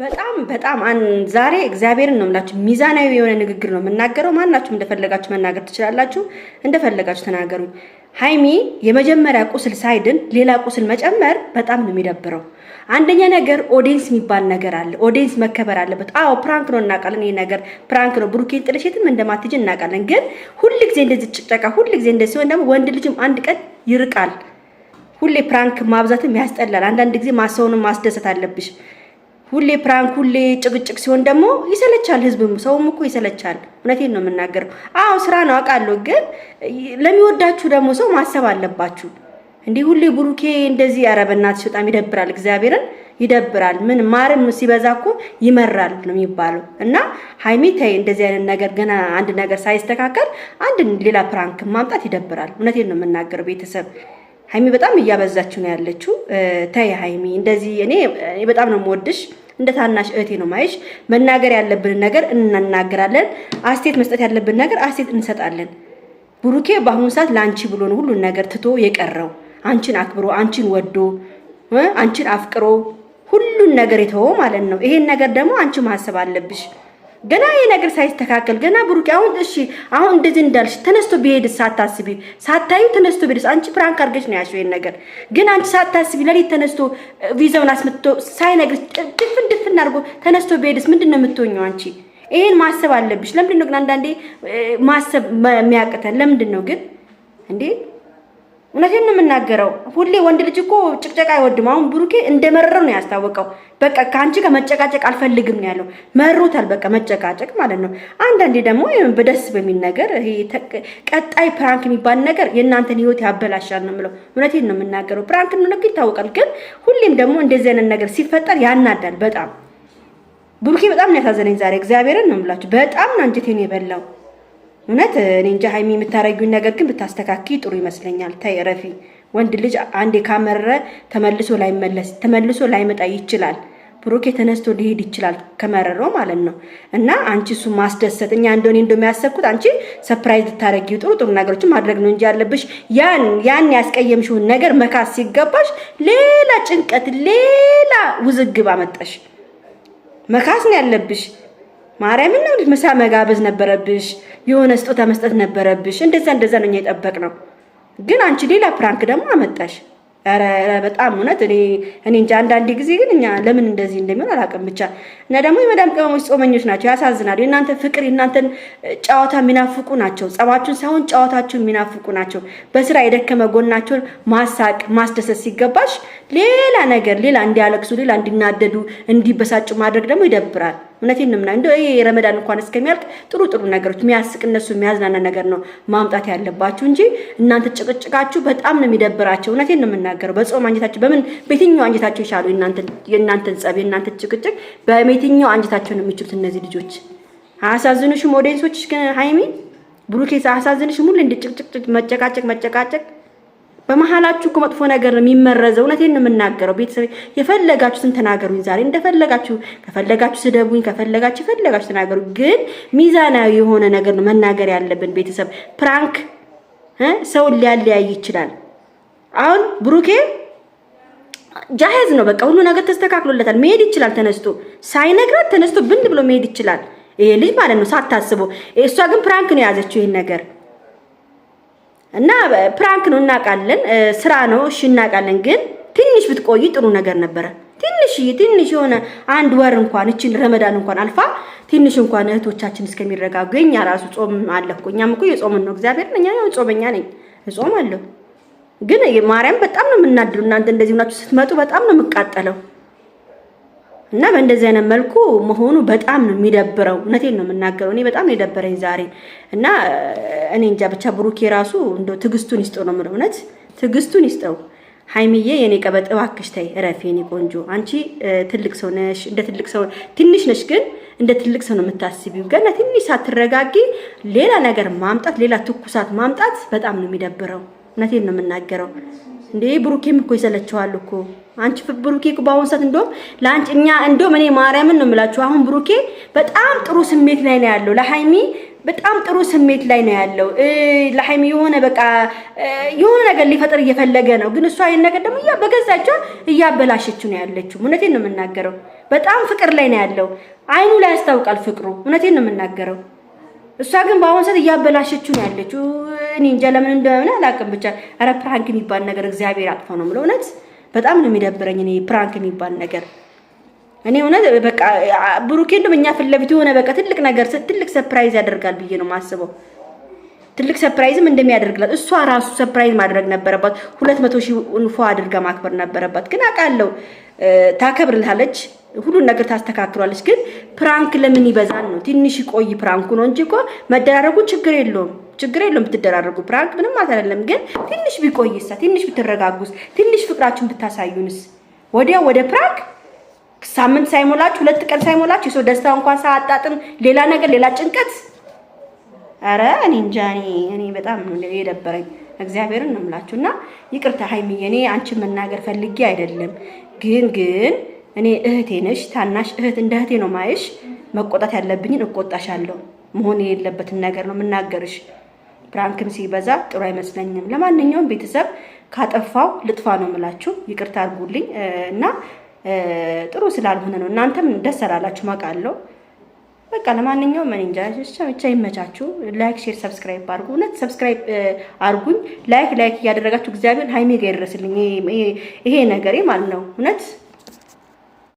በጣም በጣም ዛሬ እግዚአብሔርን ነው የምላችሁ። ሚዛናዊ የሆነ ንግግር ነው የምናገረው። ማናችሁም እንደፈለጋችሁ መናገር ትችላላችሁ፣ እንደፈለጋችሁ ተናገሩ። ሀይሚ የመጀመሪያ ቁስል ሳይድን ሌላ ቁስል መጨመር በጣም ነው የሚደብረው። አንደኛ ነገር ኦዴንስ የሚባል ነገር አለ። ኦዲየንስ መከበር አለበት። አዎ ፕራንክ ነው እናውቃለን። ይሄ ነገር ፕራንክ ነው። ብሩኬን ጥለሽ የትም እንደማትሄጂ እናውቃለን። ግን ሁልጊዜ እንደዚህ ጭቅጨቃ፣ ሁልጊዜ እንደዚህ ሲሆን ደግሞ ወንድ ልጅም አንድ ቀን ይርቃል። ሁሌ ፕራንክ ማብዛትም ያስጠላል። አንዳንድ ጊዜ ማሰውንም ማስደሰት አለብሽ። ሁሌ ፕራንክ፣ ሁሌ ጭቅጭቅ ሲሆን ደግሞ ይሰለቻል። ህዝብም ሰውም እኮ ይሰለቻል። እውነቴን ነው የምናገረው። አዎ ስራ ነው አውቃለሁ፣ ግን ለሚወዳችሁ ደግሞ ሰው ማሰብ አለባችሁ። እንዲህ ሁሌ ብሩኬ እንደዚህ ኧረ በጣም ይደብራል። እግዚአብሔርን ይደብራል። ምን ማርም ሲበዛ እኮ ይመራል ነው የሚባለው። እና ሀይሜ ተይ እንደዚህ አይነት ነገር ገና አንድ ነገር ሳይስተካከል አንድ ሌላ ፕራንክ ማምጣት ይደብራል። እውነቴን ነው የምናገረው ቤተሰብ ሀይሚ በጣም እያበዛችው ነው ያለችው። ተይ ሀይሚ፣ እንደዚህ እኔ በጣም ነው የምወድሽ፣ እንደ ታናሽ እህቴ ነው ማይሽ። መናገር ያለብን ነገር እናናገራለን፣ አስቴት መስጠት ያለብን ነገር አስቴት እንሰጣለን። ብሩኬ በአሁኑ ሰዓት ለአንቺ ብሎ ነው ሁሉን ነገር ትቶ የቀረው። አንቺን አክብሮ፣ አንቺን ወዶ፣ አንቺን አፍቅሮ ሁሉን ነገር የተወው ማለት ነው። ይሄን ነገር ደግሞ አንቺ ማሰብ አለብሽ። ገና ይሄ ነገር ሳይስተካከል ገና ብሩኬ አሁን እሺ አሁን እንደዚህ እንዳልሽ ተነስቶ ቢሄድ ሳታስቢ ሳታዩ ተነስቶ ቢሄድ አንቺ ፕራንክ አድርገሽ ነው ያልሽው ይሄን ነገር ግን አንቺ ሳታስቢ ለሊት ተነስቶ ቪዛውን አስመጥቶ ሳይነግርሽ ድፍን ድፍን አድርጎ ተነስቶ ቢሄድስ ምንድን ነው የምትሆኘው አንቺ ይሄን ማሰብ አለብሽ ለምንድን ነው ግን አንዳንዴ ማሰብ የሚያቅተን ለምንድን ነው ግን እንዴ እውነቴን ነው የምናገረው። ሁሌ ወንድ ልጅ እኮ ጭቅጨቃ አይወድም። አሁን ብሩኬ እንደመረረው ነው ያስታወቀው። በቃ ከአንቺ ጋር መጨቃጨቅ አልፈልግም ነው ያለው። መሮታል፣ በቃ መጨቃጨቅ ማለት ነው። አንዳንዴ ደግሞ በደስ በሚል ነገር ይሄ ቀጣይ ፕራንክ የሚባል ነገር የእናንተን ህይወት ያበላሻል ነው የምለው። እውነቴን ነው የምናገረው። ፕራንክ ነው ይታወቃል፣ ግን ሁሌም ደግሞ እንደዚህ አይነት ነገር ሲፈጠር ያናዳል በጣም። ብሩኬ በጣም ነው ያሳዘነኝ ዛሬ። እግዚአብሔርን ነው የምላችሁ። በጣም ነው አንጀቴን የበላው። እውነት እኔ እንጃ ሀይሚ የምታረጊውን ነገር ግን ብታስተካኪ ጥሩ ይመስለኛል። ታይ ረፊ ወንድ ልጅ አንዴ ካመረ ተመልሶ ላይመለስ ተመልሶ ላይመጣ ይችላል። ብሩኬ ተነስቶ ሊሄድ ይችላል ከመረረው ማለት ነው። እና አንቺ እሱ ማስደሰት እኛ እንደሆነ እንደሚያሰብኩት አንቺ ሰፕራይዝ ልታረጊው ጥሩ ጥሩ ነገሮች ማድረግ ነው እንጂ ያለብሽ ያን ያን ያስቀየምሽውን ነገር መካስ ሲገባሽ ሌላ ጭንቀት፣ ሌላ ውዝግብ አመጣሽ። መካስ ነው ያለብሽ። ማርያምን ነው ምሳ መጋበዝ ነበረብሽ፣ የሆነ ስጦታ መስጠት ነበረብሽ። እንደዛ እንደዛ ነው እኛ የጠበቅነው። ግን አንቺ ሌላ ፕራንክ ደግሞ አመጣሽ። ኧረ በጣም እውነት እኔ እኔ እንጃ። አንዳንድ ጊዜ ግን እኛ ለምን እንደዚህ እንደሚሆን አላውቅም። ብቻ እና ደግሞ የመዳም ቅመሞች ጾመኞች ናቸው፣ ያሳዝናሉ። የእናንተ ፍቅር የእናንተን ጨዋታ የሚናፍቁ ናቸው። ጸባችሁን ሳይሆን ጨዋታችሁን የሚናፍቁ ናቸው። በስራ የደከመ ጎናቸውን ማሳቅ ማስደሰት ሲገባሽ ሌላ ነገር ሌላ እንዲያለቅሱ ሌላ እንዲናደዱ እንዲበሳጩ ማድረግ ደግሞ ይደብራል። እውነቴን እንምና እንደው ይሄ ረመዳን እንኳን እስከሚያልቅ ጥሩ ጥሩ ነገሮች የሚያስቅ እነሱ የሚያዝናና ነገር ነው ማምጣት ያለባችሁ እንጂ እናንተ ጭቅጭቃችሁ በጣም ነው የሚደብራቸው። እውነቴን ነው የምናገረው። በጾም አንጀታችሁ በምን በየትኛው አንጀታቸው ይሻሉ? እናንተ የእናንተን ጸብ የእናንተን ጭቅጭቅ በየትኛው አንጀታቸው ነው የሚችሉት እነዚህ ልጆች? አያሳዝኑሽም? ኦዲየንሶች ግን ሃይሚ ብሩኬ አያሳዝንሽም? ሁሌ እንደ ጭቅጭቅ መጨቃጨቅ መጨቃጨቅ በመሀላችሁ እኮ መጥፎ ነገር ነው የሚመረዘው። እውነቴን ነው የምናገረው። ቤተሰብ የፈለጋችሁትን ተናገሩኝ፣ ዛሬ እንደፈለጋችሁ፣ ከፈለጋችሁ ስደቡኝ፣ ከፈለጋችሁ የፈለጋችሁ ተናገሩ። ግን ሚዛናዊ የሆነ ነገር ነው መናገር ያለብን። ቤተሰብ ፕራንክ ሰውን ሊያለያይ ይችላል። አሁን ብሩኬ ጃሄዝ ነው፣ በቃ ሁሉ ነገር ተስተካክሎለታል። መሄድ ይችላል ተነስቶ፣ ሳይነግራት ተነስቶ ብንድ ብሎ መሄድ ይችላል ይሄ ልጅ ማለት ነው፣ ሳታስበው። እሷ ግን ፕራንክ ነው የያዘችው ይሄን ነገር እና ፕራንክ ነው እናውቃለን፣ ስራ ነው እሺ፣ እናውቃለን። ግን ትንሽ ብትቆይ ጥሩ ነገር ነበረ። ትንሽ ትንሽ የሆነ አንድ ወር እንኳን እችን ረመዳን እንኳን አልፋ ትንሽ እንኳን እህቶቻችን እስከሚረጋጉ የኛ ራሱ ጾም አለ እኮ እኛም እኮ የጾምን ነው። እግዚአብሔር እኛ ያው ጾመኛ ነኝ እጾም አለሁ። ግን ማርያም በጣም ነው የምናድሩ እናንተ እንደዚህ ሆናችሁ ስትመጡ በጣም ነው የምቃጠለው። እና በእንደዚህ አይነት መልኩ መሆኑ በጣም ነው የሚደብረው። እውነቴን ነው የምናገረው። እኔ በጣም ነው የደበረኝ ዛሬ እና እኔ እንጃ ብቻ ብሩኬ ራሱ እንደው ትዕግስቱን ይስጠው ነው የምለው። እውነት ትዕግስቱን ይስጠው። ሀይሚዬ የኔ ቀበጥ እባክሽ ተይ እረፊ። የኔ ቆንጆ አንቺ ትልቅ ሰው ነሽ፣ እንደ ትልቅ ሰው ትንሽ ነሽ፣ ግን እንደ ትልቅ ሰው ነው የምታስቢው። ገና ትንሽ ሳትረጋጊ ሌላ ነገር ማምጣት፣ ሌላ ትኩሳት ማምጣት በጣም ነው የሚደብረው። እውነቴን ነው የምናገረው። እንዴ ብሩኬም እኮ ይሰለችዋል እኮ አንቺ ብሩኬ እኮ በአሁኑ ሰዓት እንደውም ለአንቺ እኛ እንደውም እኔ ማርያምን ነው የምላችሁ። አሁን ብሩኬ በጣም ጥሩ ስሜት ላይ ነው ያለው ለሀይሚ በጣም ጥሩ ስሜት ላይ ነው ያለው። ለሀይሚ የሆነ በቃ የሆነ ነገር ሊፈጥር እየፈለገ ነው፣ ግን እሷ ይሄን ነገር ደግሞ እያ በገዛቸው እያበላሸችው ነው ያለችው። እውነቴን ነው የምናገረው። በጣም ፍቅር ላይ ነው ያለው። አይኑ ላይ ያስታውቃል ፍቅሩ። እውነቴን ነው የምናገረው። እሷ ግን በአሁኑ ሰዓት እያበላሸችው ነው ያለችው። እኔ እንጃ ለምን እንደሆነ አላውቅም። ብቻ ኧረ ፕራንክ የሚባል ነገር እግዚአብሔር አጥፎ ነው የምለው። እውነት በጣም ነው የሚደብረኝ እኔ ፕራንክ የሚባል ነገር እኔ እውነት በቃ ብሩኬ እንደውም እኛ ፊት ለፊት የሆነ በቃ ትልቅ ነገር ትልቅ ሰርፕራይዝ ያደርጋል ብዬ ነው የማስበው። ትልቅ ሰርፕራይዝም እንደሚያደርግላት እሷ ራሱ ሰርፕራይዝ ማድረግ ነበረባት። ሁለት መቶ ሺህ እንፎ አድርጋ ማክበር ነበረባት። ግን አውቃለሁ ታከብርልታለች፣ ሁሉን ነገር ታስተካክሏለች። ግን ፕራንክ ለምን ይበዛል ነው? ትንሽ ቆይ ፕራንኩ ነው እንጂ እኮ መደራረጉ ችግር የለውም። ችግር የለውም ብትደራረጉ፣ ፕራንክ ምንም አይደለም። ግን ትንሽ ቢቆይሳ፣ ትንሽ ብትረጋጉስ፣ ትንሽ ፍቅራችሁን ብታሳዩንስ፣ ወዲያው ወደ ፕራንክ ሳምንት ሳይሞላችሁ ሁለት ቀን ሳይሞላችሁ የሰው ደስታ እንኳን ሳያጣጥም ሌላ ነገር ሌላ ጭንቀት። አረ እኔ እንጃ እኔ በጣም የደበረኝ እግዚአብሔርን ነው የምላችሁ። እና ይቅርታ ሀይሚዬ፣ እኔ አንቺን መናገር ፈልጌ አይደለም። ግን ግን እኔ እህቴ ነሽ፣ ታናሽ እህት፣ እንደ እህቴ ነው ማየሽ። መቆጣት ያለብኝን እቆጣሻለሁ። መሆን የሌለበትን ነገር ነው የምናገርሽ። ፕራንክም ሲበዛ ጥሩ አይመስለኝም። ለማንኛውም ቤተሰብ ካጠፋው ልጥፋ ነው የምላችሁ። ይቅርታ አድርጉልኝ እና ጥሩ ስላልሆነ ነው። እናንተም ደስ አላላችሁ አውቃለሁ። በቃ ለማንኛውም እኔ እንጃ ብቻ ይመቻችሁ። ላይክ፣ ሼር፣ ሰብስክራይብ አድርጉ። እውነት ሰብስክራይብ አድርጉኝ። ላይክ ላይክ እያደረጋችሁ እግዚአብሔር ሀይሜ ጋር ይድረስልኝ ይሄ ነገሬ ማለት ነው እውነት